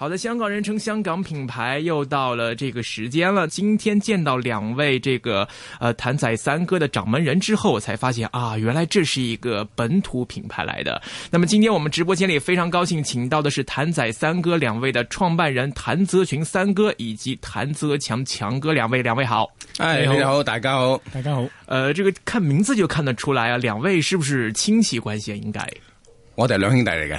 好的，香港人稱香港品牌又到了這個時間了。今天見到兩位這個呃譚仔三哥的掌門人之後，我才發現啊，原來這是一個本土品牌來的。那麼今天我們直播間裡非常高興，請到的是譚仔三哥兩位的創辦人譚澤群三哥以及譚澤強強哥兩位，兩位好。哎，你好，大家好，大家好。呃，這個看名字就看得出來啊，兩位是不是親戚關係啊？應該。我哋兩兄弟嚟嘅。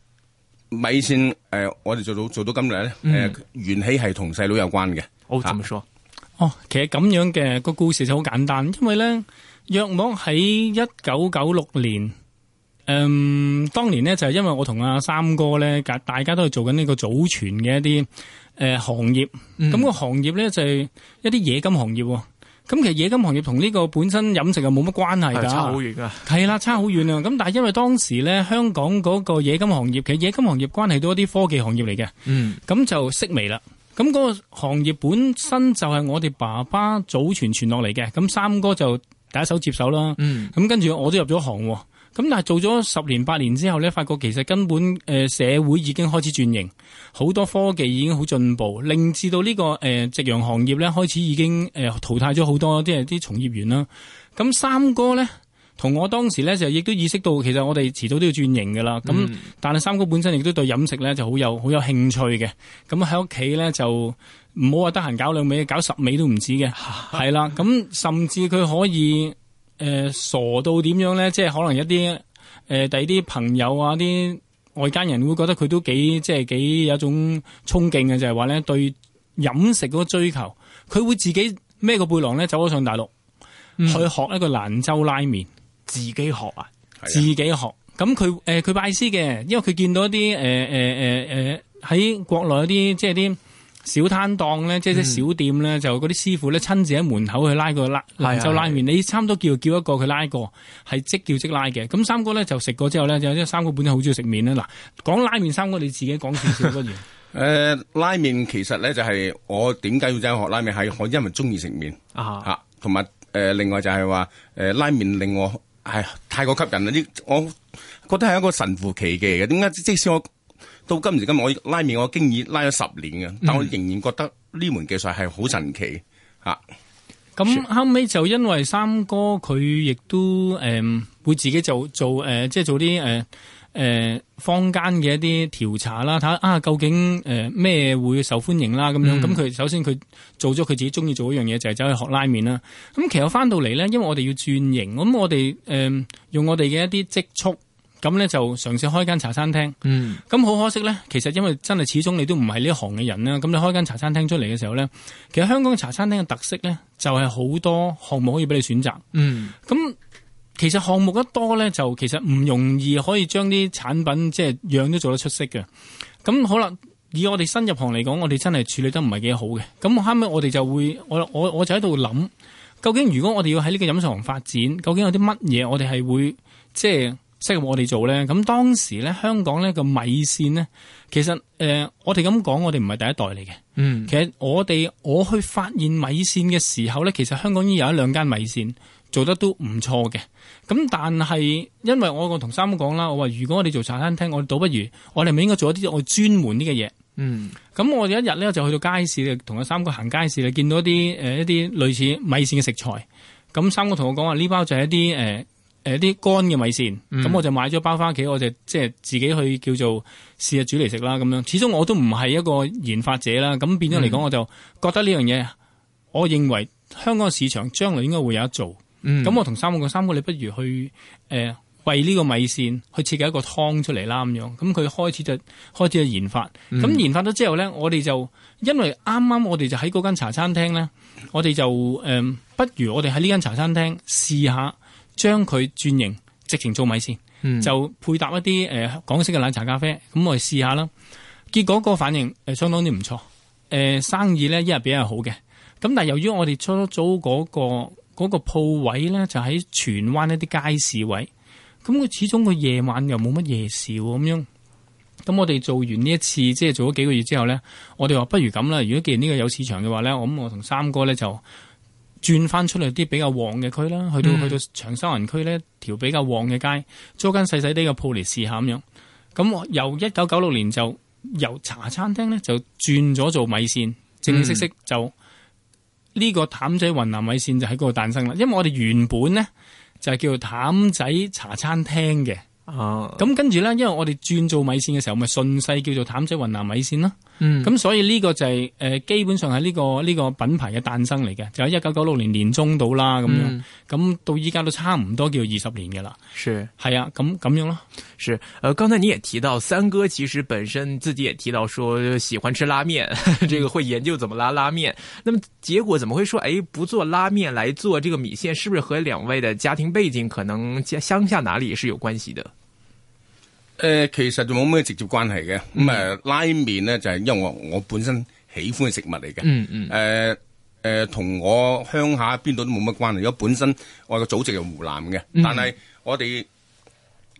米線誒，我哋做到做到今日咧，誒，緣起係同細佬有關嘅，冇錯。哦，其實咁樣嘅個故事就好簡單，因為咧，約莫喺一九九六年，嗯，當年咧就係因為我同阿三哥咧，大家大家都係做緊呢個祖傳嘅一啲誒行業，咁個行業咧就係一啲冶金行業。咁其實冶金行業同呢個本身飲食又冇乜關係噶，差好遠噶，係啦，差好遠啊！咁但係因為當時咧，香港嗰個冶金行業其實冶金行業關係到一啲科技行業嚟嘅，咁、嗯、就式微啦。咁嗰個行業本身就係我哋爸爸祖傳傳落嚟嘅，咁三哥就第一手接手啦。咁、嗯、跟住我都入咗行、哦。咁但係做咗十年八年之後咧，發覺其實根本誒社會已經開始轉型，好多科技已經好進步，令至到呢個誒夕陽行業咧開始已經誒淘汰咗好多即係啲從業員啦。咁三哥咧同我當時咧就亦都意識到，其實我哋遲早都要轉型噶啦。咁、嗯、但係三哥本身亦都對飲食咧就好有好有興趣嘅。咁喺屋企咧就唔好話得閒搞兩味，搞十味都唔止嘅。係 啦，咁甚至佢可以。誒、呃、傻到點樣咧？即係可能一啲誒第二啲朋友啊，啲外間人會覺得佢都幾即係幾有一種衝勁嘅，就係話咧對飲食嗰個追求，佢會自己孭個背囊咧走咗上大陸、嗯、去學一個蘭州拉麵，自己學啊，自己學，咁佢誒佢拜師嘅，因為佢見到一啲誒誒誒誒喺國內啲即係啲。小攤檔咧，即係啲小店咧，嗯、就嗰啲師傅咧親自喺門口去拉個拉麵，就拉麵。你差唔多叫叫一個佢拉一個，係即叫即拉嘅。咁三哥咧就食過之後咧，因為三哥本身好中意食麵啦。嗱，講拉麵，三哥你自己講少少乜嘢？誒、 呃，拉麵其實咧就係、是、我點解要走去學拉麵，係我因為中意食麵啊吓、啊，同埋誒另外就係話誒拉麵令我係、哎、太過吸引啦，啲我覺得係一個神乎其技嘅。點解？即使我。到今時今日，我拉麵我已經拉咗十年嘅，但我仍然覺得呢門技術係好神奇吓。咁、嗯啊嗯、後尾就因為三哥佢亦都誒、嗯、會自己做做誒，即、呃、係、就是、做啲誒誒坊間嘅一啲調查啦，睇下啊究竟誒咩、呃、會受歡迎啦咁樣。咁、嗯、佢首先佢做咗佢自己中意做一樣嘢，就係、是、走去學拉麵啦。咁、嗯、其實翻到嚟咧，因為我哋要轉型，咁我哋誒、呃、用我哋嘅一啲積蓄。咁咧就嘗試開間茶餐廳，咁、嗯、好可惜咧。其實因為真係始終你都唔係呢行嘅人啦。咁你開間茶餐廳出嚟嘅時候咧，其實香港茶餐廳嘅特色咧就係、是、好多項目可以俾你選擇。咁、嗯、其實項目一多咧，就其實唔容易可以將啲產品即係樣都做得出色嘅。咁好啦，以我哋新入行嚟講，我哋真係處理得唔係幾好嘅。咁後尾我哋就會我我我就喺度諗，究竟如果我哋要喺呢個飲食行發展，究竟有啲乜嘢我哋係會即係？適合我哋做咧，咁當時咧，香港咧個米線咧，其實誒、呃，我哋咁講，我哋唔係第一代嚟嘅。嗯，其實我哋我去發現米線嘅時候咧，其實香港已經有一兩間米線做得都唔錯嘅。咁但係因為我我同三哥講啦，我話如果我哋做茶餐廳，我倒不如我哋咪應該做一啲我專門啲嘅嘢。嗯，咁我哋一日咧就去到街市，同阿三哥行街市咧，見到一啲、呃、一啲類似米線嘅食材。咁三哥同我講話，呢包就係一啲誒啲乾嘅米線，咁、嗯、我就買咗包花企，我就即係自己去叫做試下煮嚟食啦咁樣。始終我都唔係一個研發者啦，咁變咗嚟講，我就覺得呢樣嘢，我認為香港市場將來應該會有得做。咁、嗯、我同三哥，三哥，你不如去誒、呃、為呢個米線去設計一個湯出嚟啦咁樣。咁佢開始就開始去研發，咁、嗯、研發咗之後咧，我哋就因為啱啱我哋就喺嗰間茶餐廳咧，我哋就誒、呃、不如我哋喺呢間茶餐廳試下。將佢轉型，直情做米線、嗯，就配搭一啲誒、呃、港式嘅奶茶咖啡，咁我哋試下啦。結果個反應、呃、相當之唔錯，誒、呃、生意咧一日比一日好嘅。咁但由於我哋出租嗰、嗰個嗰、嗰個、鋪位咧，就喺荃灣一啲街市位，咁佢始終佢夜晚又冇乜夜市喎，咁樣，咁我哋做完呢一次，即係做咗幾個月之後咧，我哋話不如咁啦，如果既然呢個有市場嘅話咧，我咁我同三哥咧就。轉翻出嚟啲比較旺嘅區啦，去到去到長沙灣區呢條比較旺嘅街，租間細細啲嘅鋪嚟試下咁樣。咁由一九九六年就由茶餐廳呢就轉咗做米線，正式式就呢、嗯這個譚仔雲南米線就喺嗰度誕生啦。因為我哋原本呢就係叫做譚仔茶餐廳嘅。哦、啊，咁跟住呢，因為我哋轉做米線嘅時候，咪順勢叫做譚仔雲南米線咯。嗯，咁所以呢個就係、是呃、基本上係呢、這個呢、這個品牌嘅誕生嚟嘅，就喺一九九六年年中到啦咁樣。咁到依家都差唔多叫二十年嘅啦。是，係啊，咁咁樣咯。是、呃，剛才你也提到，三哥其實本身自己也提到說喜歡吃拉麵，呵呵，這個會研究怎麼拉拉麵。那麼結果怎麼會說誒，不做拉麵來做這個米線，是不是和兩位的家庭背景可能鄉下哪裡是有關係的？誒、呃，其實就冇咩直接關係嘅。咁、嗯、誒、呃，拉麵咧就係、是、因為我我本身喜歡嘅食物嚟嘅。嗯嗯。誒、呃、誒，同、呃、我鄉下邊度都冇乜關係。如果本身我個祖籍係湖南嘅、嗯，但係我哋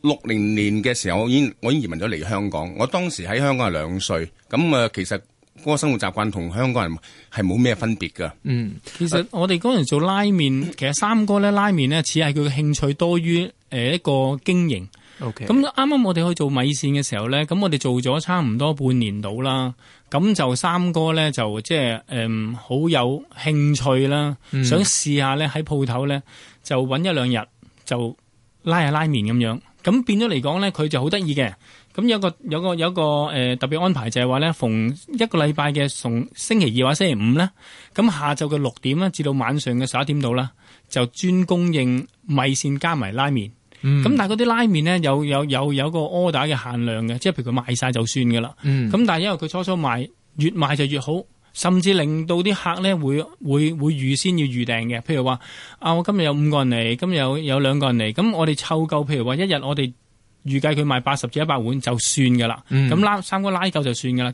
六零年嘅時候經，我已經我已經移民咗嚟香港。我當時喺香港係兩歲。咁、嗯、啊，其實嗰個生活習慣同香港人係冇咩分別噶。嗯，其實我哋嗰陣做拉麵、嗯，其實三哥咧拉麵咧似係佢嘅興趣多於誒一個經營。咁啱啱我哋去做米線嘅時候咧，咁我哋做咗差唔多半年到啦。咁就三哥咧，就即係誒、好、嗯、有興趣啦、嗯，想試下咧喺鋪頭咧就搵一兩日就拉下拉麵咁樣。咁變咗嚟講咧，佢就好得意嘅。咁有個有個有個誒、呃、特別安排就係話咧，逢一個禮拜嘅逢星期二或星期五咧，咁下晝嘅六點啦至到晚上嘅十一點到啦，就專供應米線加埋拉麵。咁、嗯、但係嗰啲拉麵咧有有有有個 order 嘅限量嘅，即係譬如佢賣晒就算噶啦。咁、嗯、但係因為佢初初賣越賣就越好，甚至令到啲客咧會會會預先要預訂嘅。譬如話啊，我、哦、今日有五個人嚟，今日有有兩個人嚟，咁、嗯、我哋湊夠，譬如話一日我哋預計佢賣八十至一百碗就算噶啦。咁、嗯、拉三個拉夠就算噶啦。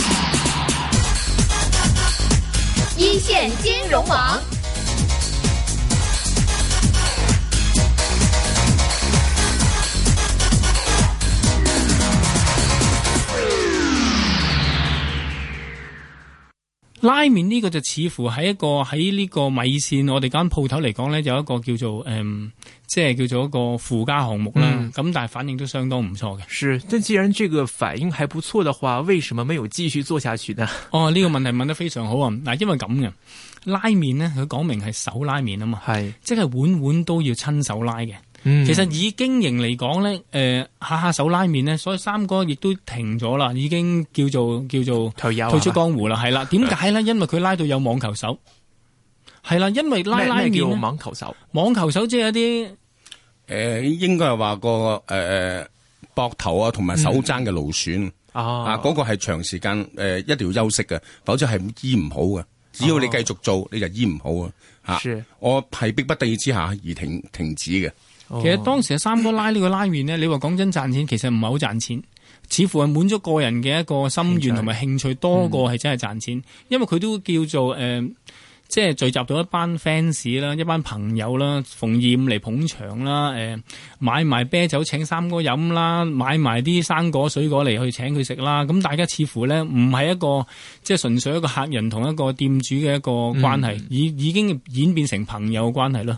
一綫金融王，拉麵呢個就似乎係一個喺呢個米線我哋間鋪頭嚟講呢，有一個叫做誒。嗯即係叫做一個附加項目啦，咁、嗯、但係反應都相當唔錯嘅。是，但既然這個反應還不錯的話，為什麼沒有繼續做下去呢？哦，呢、這個問題問得非常好啊！嗱， 因為咁嘅拉麵呢，佢講明係手拉麵啊嘛，係即係碗碗都要親手拉嘅、嗯。其實以經營嚟講咧，誒、呃、下下手拉麵咧，所以三哥亦都停咗啦，已經叫做叫做退出江湖啦，係啦、啊。點解呢？因為佢拉到有網球手，係啦，因為拉拉麵咧，網球手，網球手即係一啲。誒、呃，應該係話個誒誒膊頭啊，同埋手踭嘅勞損啊，嗰個係長時間誒、呃、一定要休息嘅，否則係醫唔好嘅。只要你繼續做，哦、你就醫唔好啊！吓，我係逼不得已之下而停停止嘅、哦。其實當時三哥拉呢個拉麵呢，你話講真賺錢，其實唔係好賺錢，似乎係滿足個人嘅一個心願同埋興趣多過係真係賺錢、嗯，因為佢都叫做誒。呃即係聚集到一班 fans 啦，一班朋友啦，逢宴嚟捧場啦，誒買埋啤酒請三哥飲啦，買埋啲生果水果嚟去請佢食啦，咁大家似乎呢，唔係一個即係純粹一個客人同一個店主嘅一個關係，已、嗯、已經演變成朋友關係啦。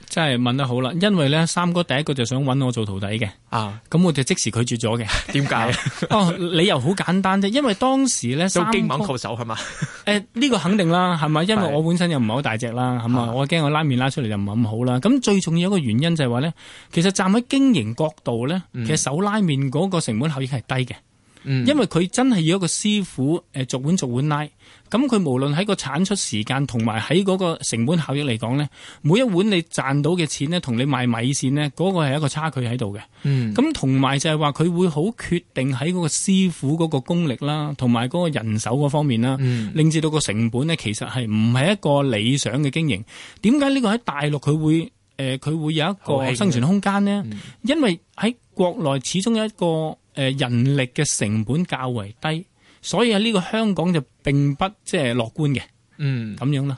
真係問得好啦，因為咧三哥第一個就想揾我做徒弟嘅，啊，咁我就即時拒絕咗嘅。點解？哦， 理由好簡單啫，因為當時咧手經猛扣手係嘛？誒呢、欸呢個肯定啦，係咪？因為我本身又唔係好大隻啦，係咪？我驚我拉麵拉出嚟就唔係咁好啦。咁最重要一個原因就係話咧，其實站喺經營角度咧、嗯，其實手拉麵嗰個成本效益係低嘅，嗯，因為佢真係要一個師傅誒逐碗逐碗拉。咁佢無論喺個產出時間同埋喺嗰個成本效益嚟講呢，每一碗你賺到嘅錢呢，同你賣米線呢，嗰、嗰個係一個差距喺度嘅。咁同埋就係話佢會好決定喺嗰個師傅嗰個功力啦，同埋嗰個人手嗰方面啦，令至到個成本呢，其實係唔係一個理想嘅經營。點解呢個喺大陸佢會誒佢、呃、會有一個生存空間呢？嗯、因為喺國內始終有一個人力嘅成本較為低。所以啊，呢個香港就並不即係樂觀嘅，嗯，咁樣啦。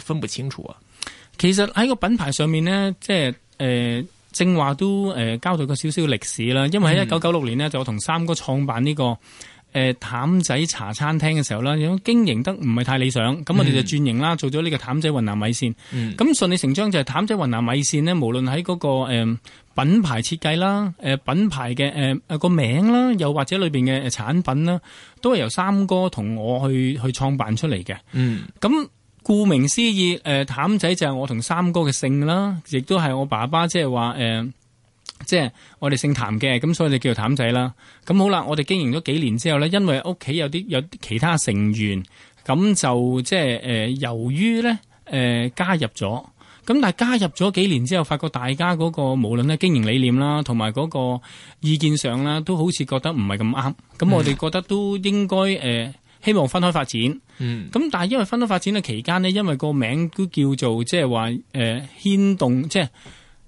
分不清楚啊！其實喺個品牌上面呢，即係誒，正話都誒、呃、交代過少少歷史啦。因為喺一九九六年呢，就、嗯、同三哥創辦呢、這個誒譚、呃、仔茶餐廳嘅時候啦，咁經營得唔係太理想，咁我哋就轉型啦、嗯，做咗呢個譚仔雲南米線。咁順理成章就係、是、譚仔雲南米線呢。無論喺嗰個誒、呃、品牌設計啦，誒、呃、品牌嘅誒個名啦，又或者裏邊嘅產品啦，都係由三哥同我去去創辦出嚟嘅。嗯，咁。顧名思義，誒，譚仔就係我同三哥嘅姓啦，亦都係我爸爸即係話，誒，即係我哋姓譚嘅，咁所以你叫做譚仔啦。咁好啦，我哋經營咗幾年之後呢，因為屋企有啲有其他成員，咁就即係，誒，由於呢誒，加入咗，咁但係加入咗幾年之後，發覺大家嗰個無論咧經營理念啦，同埋嗰個意見上啦，都好似覺得唔係咁啱，咁我哋覺得都應該，誒，希望分開發展。嗯，咁但係因為分開發展嘅期間呢因為個名都叫做即係話誒牽動，即係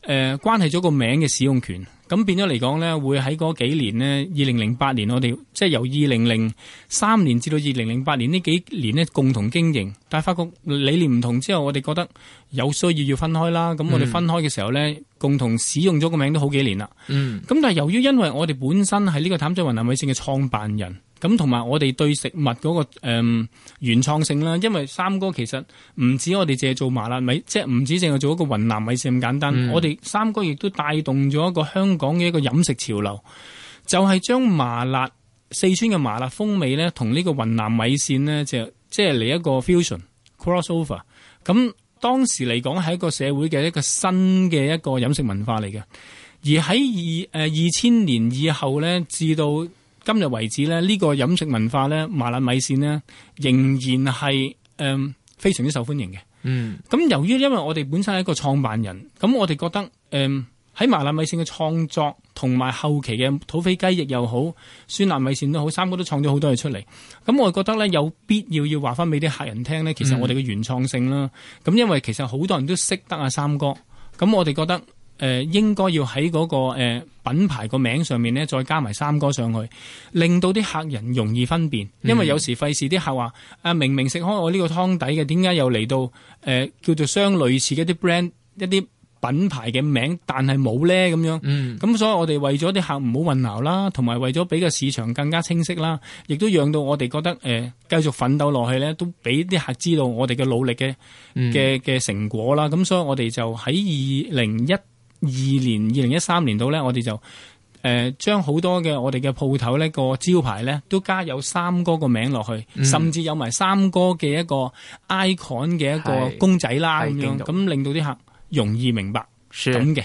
誒關係咗個名嘅使用權，咁變咗嚟講呢會喺嗰幾年呢二零零八年我哋即係由二零零三年至到二零零八年呢幾年呢共同經營，但係發覺理念唔同之後，我哋覺得有需要要分開啦。咁、嗯、我哋分開嘅時候呢，共同使用咗個名都好幾年啦。嗯，咁但係由於因為我哋本身係呢個譚仔雲南米線嘅創辦人。咁同埋我哋對食物嗰、那個、嗯、原創性啦，因為三哥其實唔止我哋淨係做麻辣米，即係唔止淨係做一個雲南米線咁簡單。嗯、我哋三哥亦都帶動咗一個香港嘅一個飲食潮流，就係、是、將麻辣四川嘅麻辣風味咧，同呢個雲南米線咧，就即係嚟一個 fusion crossover。咁當時嚟講係一個社會嘅一個新嘅一個飲食文化嚟嘅，而喺二二千年以後咧，至到今日為止呢呢、呢個飲食文化呢，麻辣米線呢仍然係誒、呃、非常之受歡迎嘅。嗯，咁由於因為我哋本身係一個創辦人，咁我哋覺得誒喺、呃、麻辣米線嘅創作同埋後期嘅土匪雞翼又好、酸辣米線都好，三哥都創咗好多嘢出嚟。咁我覺得呢有必要要話翻俾啲客人聽呢，其實我哋嘅原創性啦。咁、嗯、因為其實好多人都識得阿三哥，咁我哋覺得。誒、呃、應該要喺嗰、那個、呃、品牌個名上面呢，再加埋三哥上去，令到啲客人容易分辨。嗯、因為有時費事啲客話啊，明明食開我呢個湯底嘅，點解又嚟到誒、呃、叫做相類似嘅一啲 brand、一啲品牌嘅名，但係冇呢？咁樣。咁、嗯、所以我哋為咗啲客唔好混淆啦，同埋為咗俾個市場更加清晰啦，亦都讓到我哋覺得誒、呃、繼續奮鬥落去呢，都俾啲客知道我哋嘅努力嘅嘅嘅成果啦。咁所以我哋就喺二零一二年二零一三年度咧，我哋就誒將好多嘅我哋嘅鋪頭咧個招牌咧都加有三哥個名落去，嗯，甚至有埋三哥嘅一個 icon 嘅一個公仔啦咁樣，咁令到啲客容易明白咁嘅。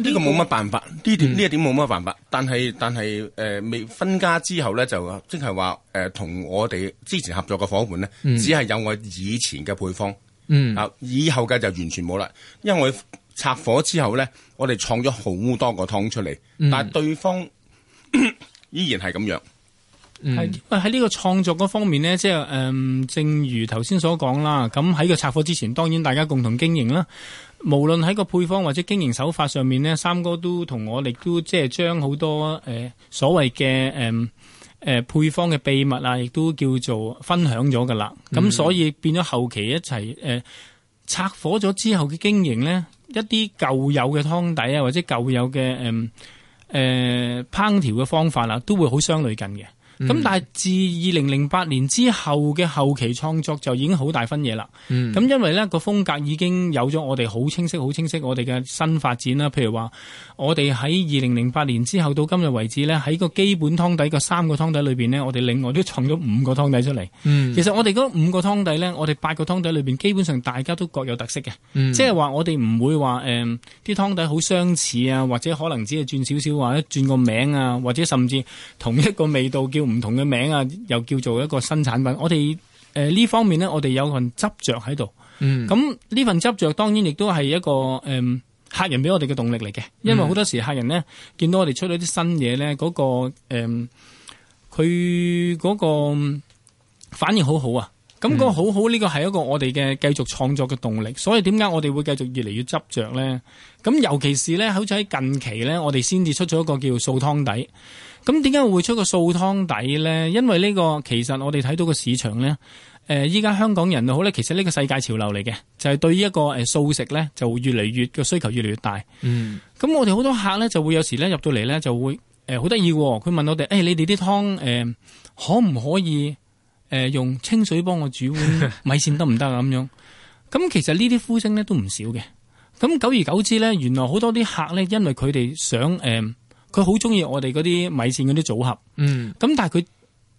呢、這個冇乜、這個、辦法，呢、嗯、點呢一點冇乜辦法。但係但係誒，未、呃、分家之後咧，就即係話誒，同我哋之前合作嘅伙伴咧、嗯，只係有我以前嘅配方。嗯，啊，以後嘅就完全冇啦，因為我拆伙之後咧，我哋創咗好多個湯出嚟、嗯，但係對方 依然係咁樣。係喺呢個創作嗰方面咧，即係誒，正如頭先所講啦。咁喺個拆伙之前，當然大家共同經營啦。無論喺個配方或者經營手法上面呢，三哥亦都同我哋都即係將好多誒所謂嘅誒配方嘅秘密啊，亦都叫做分享咗噶啦。咁、嗯、所以變咗後期一齊誒拆夥咗之後嘅經營呢，一啲舊有嘅湯底啊，或者舊有嘅誒誒烹調嘅方法啊，都會好相類近嘅。咁、嗯、但係自二零零八年之後嘅後期創作就已經好大分嘢啦。咁、嗯、因為咧個風格已經有咗我哋好清晰、好清晰我哋嘅新發展啦。譬如話我哋喺二零零八年之後到今日為止咧，喺個基本湯底嘅三個湯底裏邊咧，我哋另外都創咗五個湯底出嚟，嗯。其實我哋嗰五個湯底咧，我哋八個湯底裏邊基本上大家都各有特色嘅。即係話我哋唔會話誒啲湯底好相似啊，或者可能只係轉少少或者轉個名啊，或者甚至同一個味道叫。唔同嘅名啊，又叫做一個新產品。我哋誒呢方面呢，我哋有一份執着喺度。嗯，咁呢份執着，當然亦都係一個誒、嗯、客人俾我哋嘅動力嚟嘅。因為好多時客人呢，見到我哋出咗啲新嘢呢，嗰、那個誒佢嗰個反應好好啊。咁、那個好好呢個係一個我哋嘅繼續創作嘅動力。所以點解我哋會繼續越嚟越執着呢？咁尤其是呢，好似喺近期呢，我哋先至出咗一個叫素湯底。咁點解會出個素湯底咧？因為呢個其實我哋睇到個市場咧，誒依家香港人又好咧，其實呢個世界潮流嚟嘅，就係、是、對於一個誒素食咧，就越嚟越個需求越嚟越大。嗯，咁我哋好多客咧就會有時咧入到嚟咧就會誒好得意喎，佢、呃、問我哋：誒、欸、你哋啲湯誒、呃、可唔可以誒用清水幫我煮米線得唔得啊？咁樣咁其實呢啲呼聲咧都唔少嘅。咁久而久之咧，原來好多啲客咧因為佢哋想誒。呃佢好中意我哋嗰啲米線嗰啲組合，嗯，咁但係佢，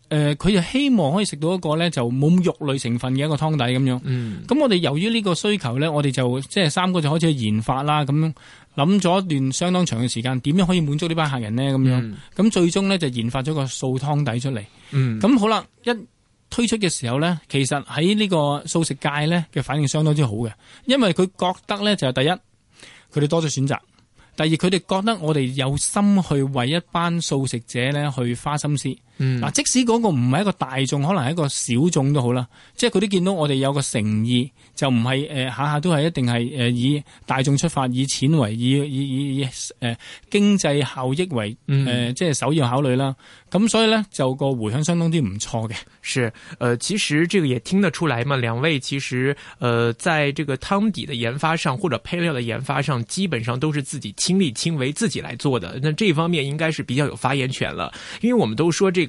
誒，佢就希望可以食到一個咧就冇肉類成分嘅一個湯底咁樣，嗯，咁我哋由於呢個需求咧，我哋就即係三個就開始去研發啦，咁樣諗咗一段相當長嘅時間，點樣可以滿足呢班客人呢？咁樣，咁最終咧就研發咗個素湯底出嚟，嗯，咁好啦，一推出嘅時候咧，其實喺呢個素食界咧嘅反應相當之好嘅，因為佢覺得咧就係第一，佢哋多咗選擇。第二，佢哋覺得我哋有心去為一班素食者呢去花心思。嗯，嗱，即使嗰個唔係一個大眾，可能係一個小眾都好啦，即係佢都見到我哋有個誠意，就唔係誒下下都係一定係誒、呃、以大眾出發，以錢為以以以以誒經濟效益為嗯誒、呃、即係首要考慮啦。咁、嗯、所以咧就個回響相當之唔錯嘅。是，誒、呃、其實這個也聽得出來嘛，兩位其實誒、呃、在這個湯底的研發上或者配料的研發上，基本上都是自己親力親為，自己來做的。那這方面應該是比較有發言權了，因為我們都說這個。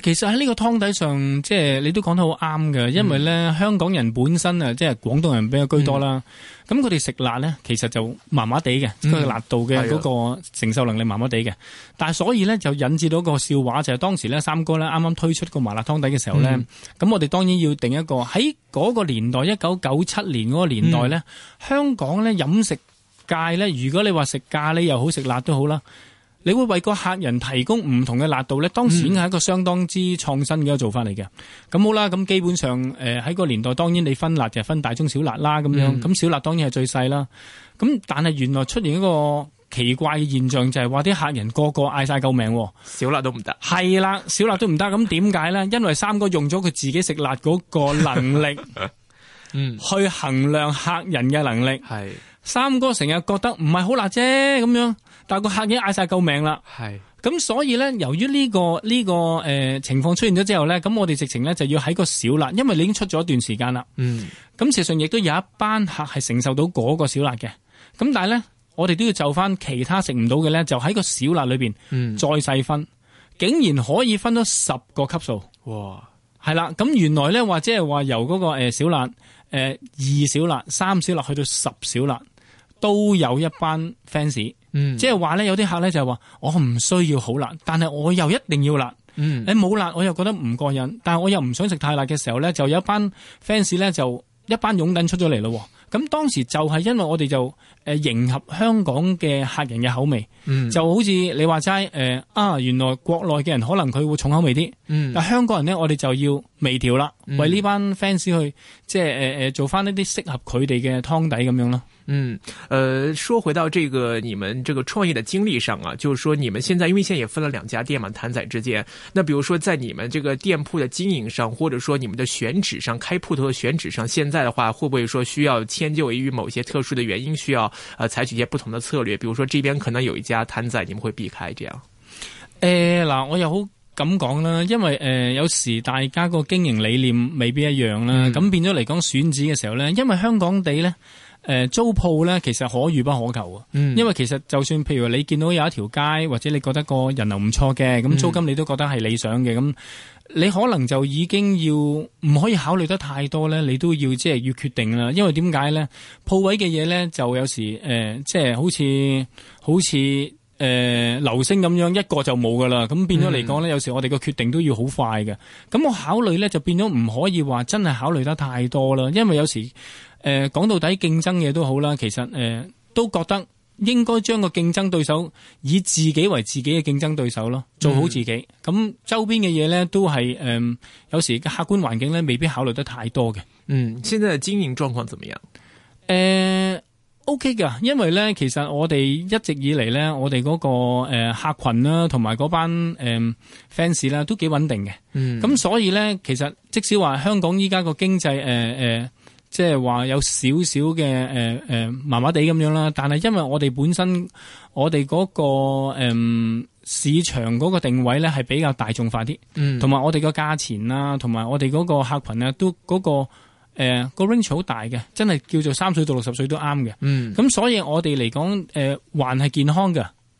其實喺呢個湯底上，即係你都講得好啱㗎，因為呢，香港人本身啊，即係廣東人比較居多啦。咁佢哋食辣呢，其實就麻麻地嘅，個、嗯、辣度嘅嗰個承受能力麻麻地嘅。但係所以呢，就引致到個笑話，就係、是、當時呢，三哥呢啱啱推出個麻辣湯底嘅時候呢，咁、嗯、我哋當然要定一個喺嗰個年代，一九九七年嗰個年代呢，嗯、香港呢飲食界呢，如果你話食咖喱又好，食辣都好啦。你會為個客人提供唔同嘅辣度呢，當時已經係一個相當之創新嘅做法嚟嘅。咁好啦，咁基本上，誒喺個年代，當然你分辣就係、分大中小辣啦，咁、嗯、樣。咁小辣當然係最細啦。咁但係原來出現一個奇怪嘅現象，就係話啲客人個個嗌晒救命，小辣都唔得。係啦，小辣都唔得。咁點解呢？因為三哥用咗佢自己食辣嗰個能力，嗯，去衡量客人嘅能力係。 嗯三哥成日覺得唔係好辣啫咁樣，但係個客已經嗌晒救命啦。係咁，所以咧，由於呢個呢個誒情況出現咗之後咧，咁我哋直情咧就要喺個小辣，因為你已經出咗一段時間啦。嗯，咁事實上亦都有一班客係承受到嗰個小辣嘅。咁但係咧，我哋都要就翻其他食唔到嘅咧，就喺個小辣裏面再細分、嗯，竟然可以分到十個級數。哇！係啦，咁原來咧或者係話由嗰個誒小辣誒、呃、二小辣、三小辣去到十小辣。都有一班 fans，即係話咧，嗯就是，有啲客咧就話我唔需要好辣，但係我又一定要辣。你，嗯、冇辣我又覺得唔過癮，但係我又唔想食太辣嘅時候咧，就有一班 fans 咧就一班擁躉出咗嚟咯。咁當時就係因為我哋就誒迎合香港嘅客人嘅口味，嗯、就好似你話齋誒啊，原來國內嘅人可能佢會重口味啲，嗯，但香港人呢，我哋就要微調啦，為呢班 fans 去即係誒誒做翻一啲適合佢哋嘅湯底咁樣咯。嗯，呃說回到這個你們這個創業的經歷上啊，就是說你們現在因為現在也分了兩家店嘛，譚仔之間。那比如說在你們這個店鋪的經營上，或者說你們的選址上，開鋪頭的選址上，現在的話會不會說需要遷就於某些特殊的原因，需要、呃、採取一些不同的策略？比如說這邊可能有一家譚仔，你們會避開這樣。誒、呃，嗱，我又好咁講啦，因為誒、呃、有時大家個經營理念未必一樣啦、啊，咁、嗯、變咗嚟講選址嘅時候呢，因為香港地呢誒租鋪咧，其實可遇不可求啊、嗯！因為其實就算譬如你見到有一條街，或者你覺得個人流唔錯嘅，咁租金你都覺得係理想嘅，咁、嗯、你可能就已經要唔可以考慮得太多咧，你都要即係、就是、要決定啦。因為點解咧？鋪位嘅嘢咧，就有時誒，即、呃、係、就是、好似好似誒、呃、流星咁樣，一個就冇噶啦。咁變咗嚟講咧，有時我哋個決定都要好快嘅。咁我考慮咧，就變咗唔可以話真係考慮得太多啦，因為有時。誒，講到底競爭嘢，都好啦，其實誒、呃、都覺得應該將個競爭對手以自己為自己嘅競爭對手咯，做好自己。咁、嗯、周邊嘅嘢呢，都係誒，有時客觀環境呢，未必考慮得太多嘅。嗯，現在嘅經營狀況怎麼樣？誒、呃、OK 㗎，因為呢，其實我哋一直以嚟呢，我哋嗰個誒客群啦，同埋嗰班誒 fans 啦，都幾穩定嘅。嗯，咁所以呢，其實即使話香港依家個經濟誒誒。呃呃即係話有少少嘅，誒誒，麻麻地咁樣啦。但係因為我哋本身我哋嗰，嗰個誒、嗯、市場嗰個定位咧係比較大眾化啲，同、嗯、埋我哋個價錢啦，同埋我哋嗰個客群咧都嗰，嗰個誒、呃嗰個 range 好大嘅，真係叫做三歲到六十歲都啱嘅。咁、嗯、所以我哋嚟講誒，還係健康嘅。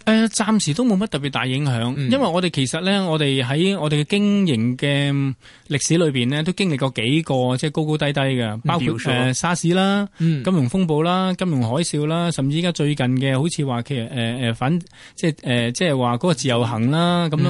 誒、呃，暫時都冇乜特別大影響、嗯，因為我哋其實咧，我哋喺我哋嘅經營嘅歷史裏邊咧，都經歷過幾個即係、就是、高高低低嘅，包括誒、嗯呃、沙士啦、嗯、金融風暴啦、金融海嘯啦，甚至依家最近嘅好似話其實誒誒反即係誒、呃、即係話嗰個自由行啦咁樣，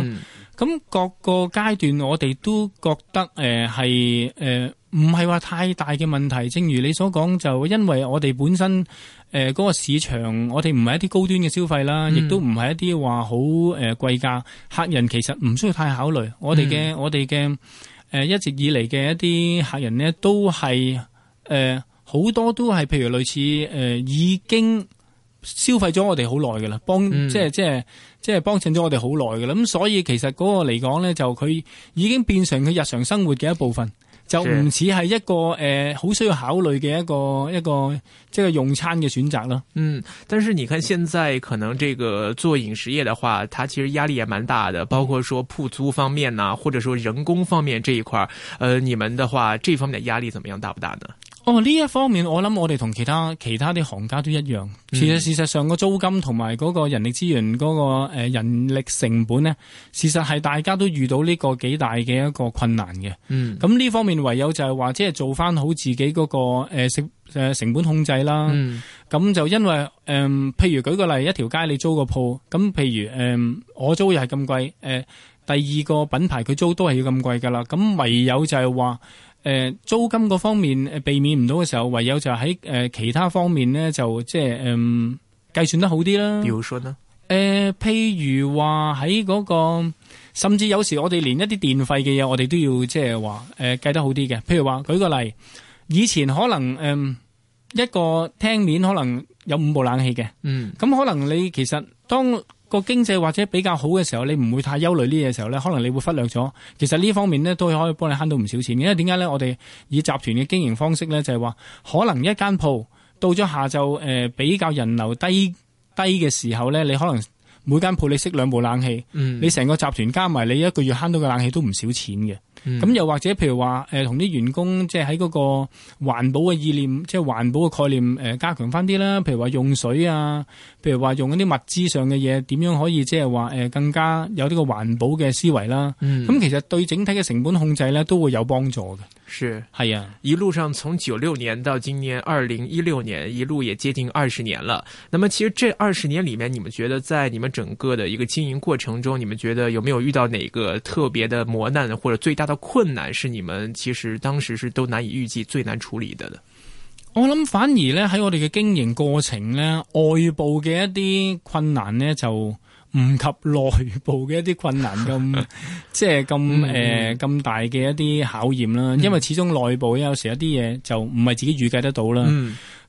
咁、嗯、各個階段我哋都覺得誒係誒。呃唔係話太大嘅問題，正如你所講，就因為我哋本身誒嗰、呃那個市場，我哋唔係一啲高端嘅消費啦，亦都唔係一啲話好誒貴價客人。其實唔需要太考慮我哋嘅、嗯、我哋嘅誒一直以嚟，嘅一啲客人呢，都係誒好多都係，譬如類似誒、呃、已經消費咗我哋好耐噶啦，幫即係即係即係幫襯咗我哋好耐噶啦。咁所以其實嗰個嚟講呢，就佢已經變成佢日常生活嘅一部分。就唔似係一個誒，好、呃、需要考慮嘅一個一個即係、這個、用餐嘅選擇啦。嗯，但是你看現在可能這個做飲食業的話，它其實壓力也蠻大的，包括說鋪租方面啦、啊，或者說人工方面這一塊，呃，你們的話，這方面嘅壓力怎麼樣，大不大呢？哦，呢一方面我諗我哋同其他其他啲行家都一樣，其實、嗯、事實上個租金同埋嗰個人力資源嗰、那個誒、呃、人力成本咧，事實係大家都遇到呢個幾大嘅一個困難嘅。嗯，咁呢方面唯有就係話即係做翻好自己嗰、那個誒成誒成本控制啦。咁、嗯、就因為誒、呃，譬如舉個例，一條街你租個鋪，咁譬如誒、呃、我租又係咁貴，誒、呃、第二個品牌佢租都係要咁貴噶啦。咁唯有就係話。誒、呃，租金嗰方面誒避免唔到嘅時候，唯有就喺誒、呃、其他方面咧，就即係嗯計算得好啲啦。比如說呢？誒、呃，譬如話喺嗰個，甚至有時我哋連一啲電費嘅嘢，我哋都要即係話誒計得好啲嘅。譬如話舉個例，以前可能誒、呃、一個廳面可能有五部冷氣嘅，嗯咁可能你其實當。個經濟或者比較好嘅時候，你唔會太憂慮呢嘢時候呢，可能你會忽略咗。其實呢方面呢，都可以幫你慳到唔少錢。因為點解呢？我哋以集團嘅經營方式呢，就係話可能一間鋪到咗下晝、呃、比較人流低低嘅時候呢，你可能每間鋪你熄兩部冷氣、嗯，你成個集團加埋你一個月慳到嘅冷氣都唔少錢嘅。咁、嗯、又或者譬如話誒，同、呃、啲員工即係喺嗰個環保嘅意念，即係環保嘅概念誒、呃、加強翻啲啦。譬如話用水啊，譬如話用一啲物資上嘅嘢，點樣可以即係話誒更加有呢個環保嘅思維啦。咁、嗯嗯、其實對整體嘅成本控制咧，都會有幫助嘅。是係啊，一路上從九六年到今年二零一六年，一路也接近二十年啦，那麼其實這二十年裏面，你們覺得在你們整個的一個經營過程中，你們覺得有沒有遇到哪個特別的磨難或者最大？困難是你們其實當時是都難以預計最難處理的，的。我諗反而咧喺我哋嘅經營過程咧，外部嘅一啲困難咧就唔及內部嘅一啲困難咁，即係咁誒咁大嘅一啲考驗啦。因為始終內部有時一啲嘢就唔係自己預計得到啦。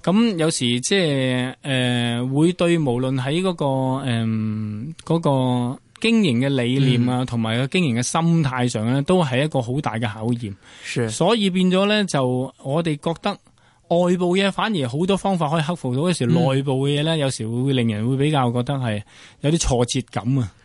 咁、嗯、有時即係誒會對無論喺嗰個誒嗰個。呃嗰個經營嘅理念啊，同埋個經營嘅心態上咧，都係一個好大嘅考驗。所以變咗咧，就我哋覺得外部嘢，反而好多方法可以克服到，有時內部嘅嘢咧，有時會會令人會比較覺得係有啲挫折感啊。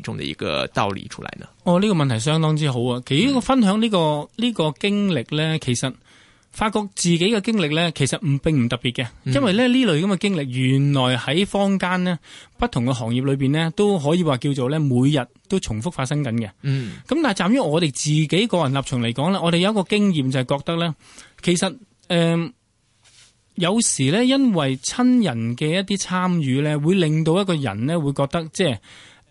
中的一個道理出來呢？哦，呢、這個問題相當之好啊。其實分享呢、這個呢、嗯這個經歷呢其實發覺自己嘅經歷呢其實唔並唔特別嘅、嗯，因為呢呢類咁嘅經歷，原來喺坊間呢不同嘅行業裏邊呢都可以話叫做呢每日都重複發生緊嘅。嗯，咁但係站於我哋自己個人立場嚟講呢，我哋有一個經驗就係覺得呢其實誒、呃、有時呢因為親人嘅一啲參與呢，會令到一個人呢會覺得即係。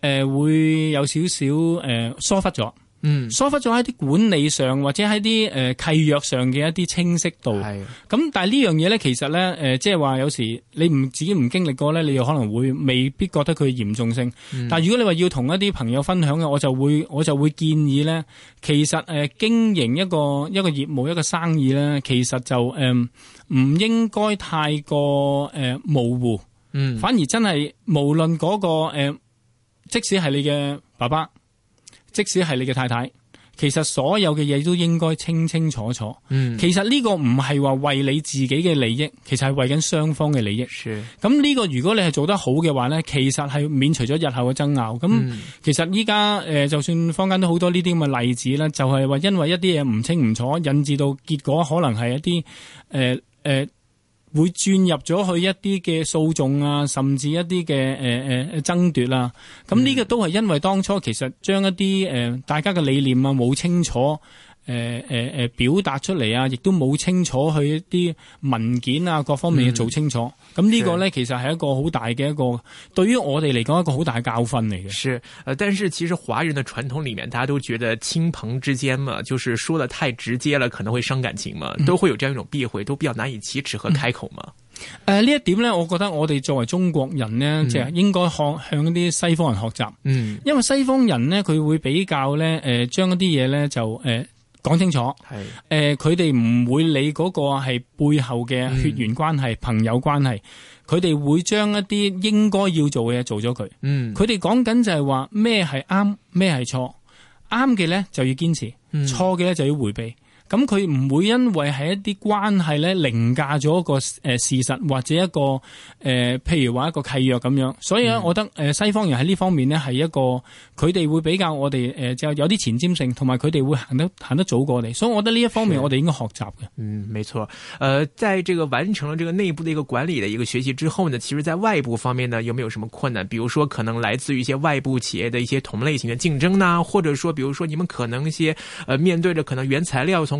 誒、呃，會有少少誒、呃、疏忽咗，嗯，疏忽咗喺啲管理上，或者喺啲誒契約上嘅一啲清晰度。係、嗯，咁但係呢樣嘢咧，其實咧，誒、呃，即係話有時你唔自己唔經歷過咧，你又可能會未必覺得佢嚴重性。嗯、但係如果你話要同一啲朋友分享嘅，我就會我就會建議咧，其實誒、呃、經營一個一個業務一個生意咧，其實就誒唔、呃、應該太過誒、呃、模糊，嗯，反而真係無論嗰、那個誒。呃即使係你嘅爸爸，即使係你嘅太太，其實所有嘅嘢都應該清清楚楚。嗯，其實呢個唔係話為你自己嘅利益，其實係為緊雙方嘅利益。咁呢個如果你係做得好嘅話呢，其實係免除咗日後嘅爭拗。咁、嗯、其實依家誒，就算坊間都好多呢啲咁嘅例子啦，就係、是、話因為一啲嘢唔清唔楚，引致到結果可能係一啲誒誒。呃呃會轉入咗去一啲嘅訴訟啊，甚至一啲嘅誒誒誒爭奪啊。咁呢個都係因為當初其實將一啲誒、呃、大家嘅理念啊冇清楚。誒誒誒，表達出嚟啊，亦都冇清楚去一啲文件啊，各方面做清楚。咁、嗯、呢、嗯，這個呢，其實係一個好大嘅一個，對於我哋嚟講，一個好大嘅教訓嚟嘅。是、呃，但是其實華人的傳統裏面，大家都覺得親朋之間嘛，就是說得太直接了，可能會傷感情嘛、嗯，都會有這樣一種避諱，都比較難以啟齒和開口嘛。誒、嗯、呢、呃、一點呢，我覺得我哋作為中國人呢，即、嗯、係、就是、應該向向啲西方人學習。嗯，因為西方人呢，佢會比較呢，誒、呃，將一啲嘢呢就誒。呃講清楚，係誒，佢哋唔會理嗰個係背後嘅血緣關係、嗯、朋友關係，佢哋會將一啲應該要做嘅嘢，做咗佢。嗯，佢哋講緊就係話咩係啱，咩係錯，啱嘅咧就要堅持，錯嘅咧就要回、嗯、避。咁佢唔會因為係一啲關係咧凌駕咗一個誒事實或者一個誒、呃、譬如話一個契約咁樣，所以咧，我覺得西方人喺呢方面呢係一個佢哋、嗯、會比較我哋誒、呃、就有啲前瞻性，同埋佢哋會行得行得早過我哋。所以我覺得呢一方面我哋應該學習。嗯，冇錯。誒、呃，在這個完成了這個內部的一個管理的一個學習之後呢，其實在外部方面呢，有沒有什麼困難？比如說可能來自於一些外部企業的一些同類型嘅競爭啦、啊，或者說，比如說你們可能一些誒、呃、面對着可能原材料從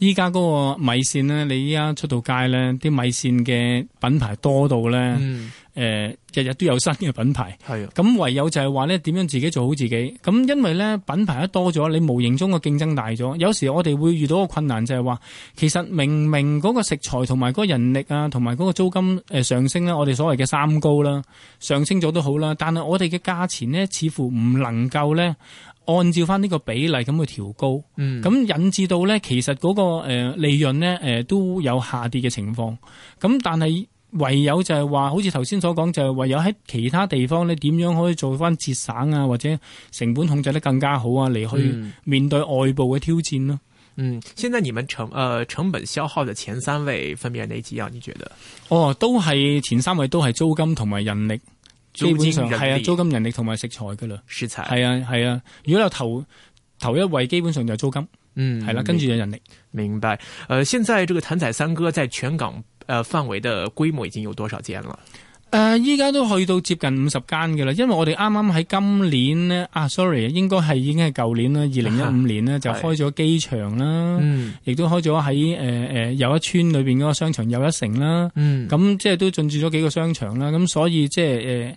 依家嗰個米線呢，你依家出到街呢，啲米線嘅品牌多到呢，誒日日都有新嘅品牌。係啊，咁唯有就係話呢，點樣自己做好自己。咁因為呢，品牌一多咗，你無形中個競爭大咗。有時我哋會遇到個困難就係話，其實明明嗰個食材同埋嗰人力啊，同埋嗰個租金誒上升呢，我哋所謂嘅三高啦，上升咗都好啦，但係我哋嘅價錢呢，似乎唔能夠呢。按照翻呢個比例咁去調高，咁、嗯、引致到咧，其實嗰個誒利潤咧，誒都有下跌嘅情況。咁但係唯有就係話，好似頭先所講，就係唯有喺其他地方咧，點樣可以做翻節省啊，或者成本控制得更加好啊，嚟去面對外部嘅挑戰咯、啊。嗯，現在你們成誒、呃、成本消耗嘅前三位分別係哪幾樣？你覺得？哦，都係前三位都係租金同埋人力。基本上係啊，租金、人力同埋食材噶啦，係啊，係啊。如果有頭頭一位，基本上就係租金，嗯，係啦、啊，跟住就人力、嗯。明白。誒、呃，現在這個譚仔三哥在全港誒、呃、範圍的規模已經有多少間了？誒、呃，依家都去到接近五十間嘅啦，因為我哋啱啱喺今年呢，啊，sorry，應該係已經係舊年啦，二零一五年呢就開咗機場啦，亦都開咗喺誒誒又一村裏邊嗰個商場又一城啦，咁、嗯、即係都進駐咗幾個商場啦，咁所以即係誒。呃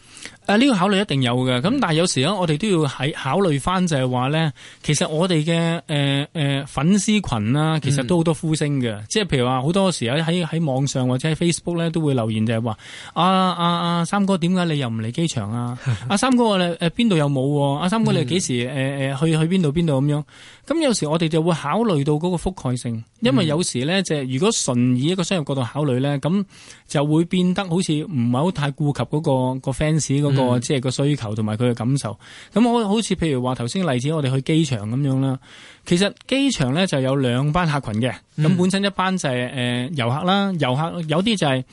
呢、這個考慮一定有嘅。咁但係有時咧，我哋都要喺考慮翻，就係話咧，其實我哋嘅誒誒粉絲群啦、啊，其實都好多呼聲嘅，即係譬如話好多時喺喺喺網上或者喺 Facebook 咧都會留言就，就係話啊啊啊三哥點解你又唔嚟機場啊？阿、 啊、三哥你誒邊度有冇？阿、呃啊啊、三哥你幾時誒誒、呃、去去邊度邊度咁樣。咁有時我哋就會考慮到嗰個覆蓋性，因為有時咧就係、如果純以一個商業角度考慮咧，咁就會變得好似唔係好太顧及嗰、嗰個 fans、嗰個嗯、即係個需求同埋佢嘅感受，咁好似譬如話頭先例子，我哋去機場咁樣啦。其實機場咧就有兩班客群嘅，咁本身一班就係誒遊客啦，遊客有啲就係、是、誒、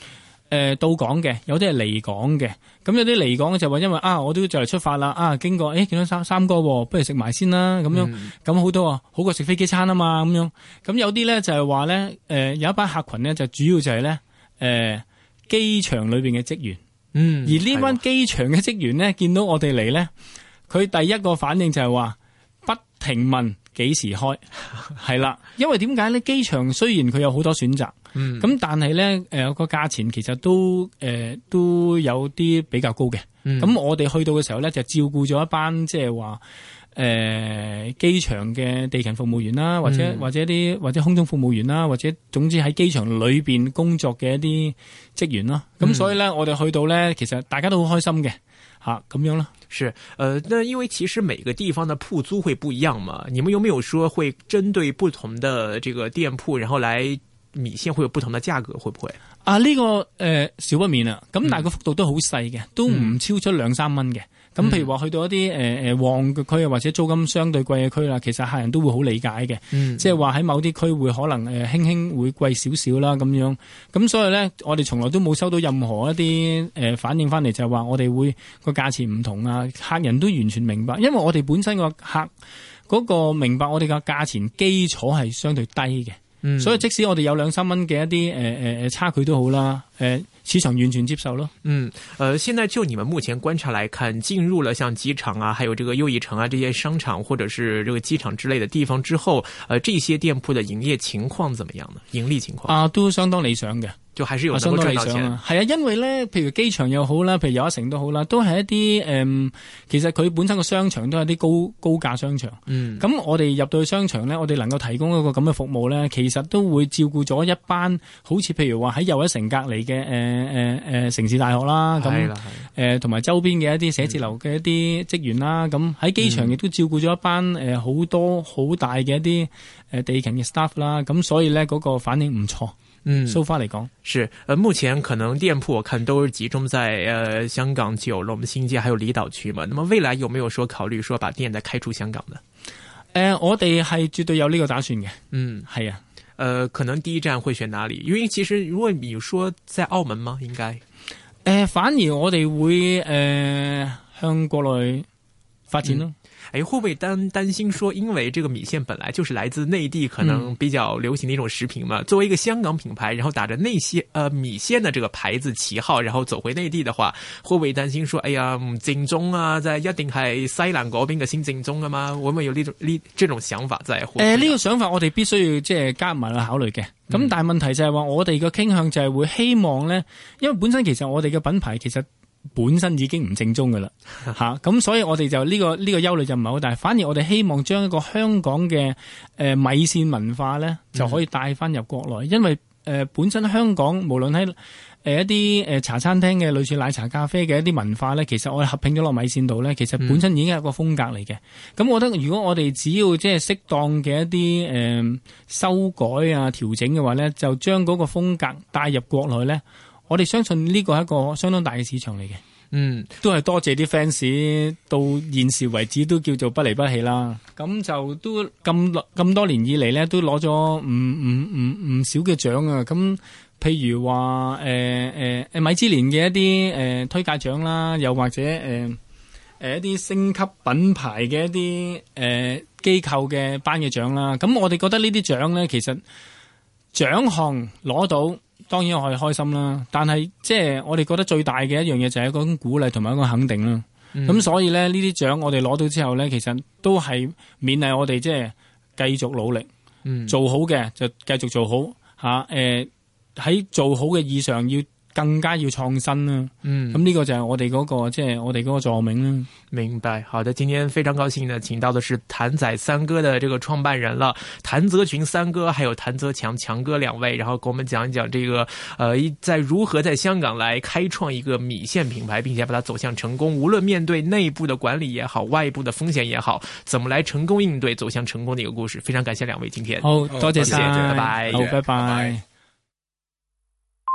呃、到港嘅，有啲係離港嘅。咁有啲離港就話因為啊，我都就嚟出發啦，啊經過誒、欸、見到三三哥，不如食埋先啦咁、嗯、樣，咁好多好過食飛機餐啊嘛咁樣。咁有啲咧就係話咧，誒、呃、有一班客群咧就主要就係、是、咧，誒、呃、機場裏邊嘅職員。嗯，而呢班機場嘅職員呢，見到我哋嚟呢，佢第一個反應就係話不停問幾時開，係 啦，因為點解呢？機場雖然佢有好多選擇，咁、嗯、但係呢誒個、呃、價錢其實都、呃、都有啲比較高嘅。咁、嗯、我哋去到嘅時候呢，就照顧咗一班即係話。就是誒、呃，機場嘅地勤服務員啦，或者或者啲或者空中服務員啦，或者總之喺機場裏邊工作嘅一啲職員咯，咁、嗯、所以呢我哋去到呢其實大家都好開心嘅吓，咁、啊、樣咯。是，誒、呃，因為其實每個地方的鋪租會不一樣嘛，你們有沒有說會針對不同的這個店鋪，然後來米線會有不同的價格，會不會？啊，呢、這個誒少、呃、不免啦，咁但係個幅度都好細嘅，都唔超出兩三蚊嘅。咁譬如話去到一啲誒誒旺嘅區啊，或者租金相對貴嘅區啦，其實客人都會好理解嘅，即係話喺某啲區會可能誒輕輕會貴少少啦咁樣。咁所以咧，我哋從來都冇收到任何一啲誒反應翻嚟，就係話我哋會個價錢唔同啊，客人都完全明白，因為我哋本身個客嗰個明白我哋嘅價錢基礎係相對低嘅、嗯，所以即使我哋有兩三蚊嘅一啲誒、呃呃、差距都好啦，呃市場完全接受咯。嗯，呃，現在就你們目前觀察來看，進入了像機場啊，還有這個又一城啊，這些商場或者是這個機場之類的地方之後，呃，這些店鋪的營業情況怎麼樣呢？盈利情況啊，都相當理想的就係需要用多啊！係啊，因為呢，譬如機場又好啦，譬如又一城都好啦，都係一啲誒、嗯，其實佢本身個商場都係啲高高價商場。嗯，咁我哋入到去商場呢，我哋能夠提供一個咁嘅服務呢，其實都會照顧咗一班好似譬如話喺又一城隔離嘅誒城市大學啦，咁誒同埋周邊嘅一啲寫字樓嘅一啲職員啦，咁、嗯、喺機場亦都照顧咗一班好、呃、多好大嘅一啲、呃、地勤嘅 staff 啦，咁所以呢，嗰、嗰個反應唔錯。嗯 so far 嚟講是，呃，目前可能店鋪我看都是集中在，呃，香港九龍、新界還有離島區嘛。那麼未來有沒有說考慮說把店再開出香港呢？誒、呃，我哋係絕對有呢個打算嘅。嗯，係啊，誒、呃，可能第一站會選哪裏？因為其實如果你說在澳門嘛，應該誒、呃，反而我哋會誒、呃、向國內發展咯。嗯誒、哎，會不會擔擔心說，因為這個米線本來就是來自內地，可能比較流行的一種食品嘛、嗯？作為一個香港品牌，然後打着內線呃，米線的這個牌子旗號，然後走回內地的話，會不會擔心說，哎呀，唔正宗啊，即係一定係西南邊嘅先正宗啊嘛？會唔會有呢種呢這種想法在係、啊。誒、呃，呢、這個想法我哋必須要即係加埋去考慮嘅。咁但係問題就係話，我哋嘅傾向就係會希望呢，因為本身其實我哋嘅品牌其實。本身已經唔正宗嘅啦，咁、 啊，所以我哋就呢、這個呢、這個憂慮就唔係好大，反而我哋希望將一個香港嘅、呃、米線文化咧，就可以帶翻入國內，因為、呃、本身香港無論喺一啲茶餐廳嘅類似奶茶咖啡嘅一啲文化咧，其實我哋合拼咗落米線度咧，其實本身已經係一個風格嚟嘅。咁、嗯、我覺得如果我哋只要即係適當嘅一啲、呃、修改啊調整嘅話咧，就將嗰個風格帶入國內咧。我哋相信呢個係一個相當大嘅市場嚟嘅，嗯，都係多謝啲 fans 到現時為止都叫做不離不棄啦。咁就都咁咁多年以嚟咧，都攞咗唔唔唔唔少嘅獎啊！咁譬如話誒誒誒米芝蓮嘅一啲誒、呃、推介獎啦，又或者誒誒、呃呃、一啲星級品牌嘅一啲誒、呃、機構嘅頒嘅獎啦。咁我哋覺得呢啲獎咧，其實獎項攞到，當然我係開心啦，但係即係我哋覺得最大嘅一樣嘢就係嗰種鼓勵同埋一個肯定啦。咁、嗯、所以咧呢啲獎我哋攞到之後呢，其實都係勉勵我哋即係繼續努力，嗯、做好嘅就繼續做好吓。誒喺做好嘅以上要，更加要創新啦、啊，咁、嗯、呢、這個就係我哋嗰、那個即係、就是、我哋嗰個座名啦。明白，好！的，今天非常高興呢請到的是譚仔、三哥的這個創辦人啦，譚澤群三哥，還有譚澤強強哥兩位，然後給我們講一講這個，呃，一在如何在香港來開創一個米線品牌，並且把它走向成功。無論面對內部的管理也好，外部的風險也好，怎麼來成功應對，走向成功的一個故事。非常感謝兩位今天，好多謝拜拜，好，拜拜。Yeah, bye bye yeah, bye bye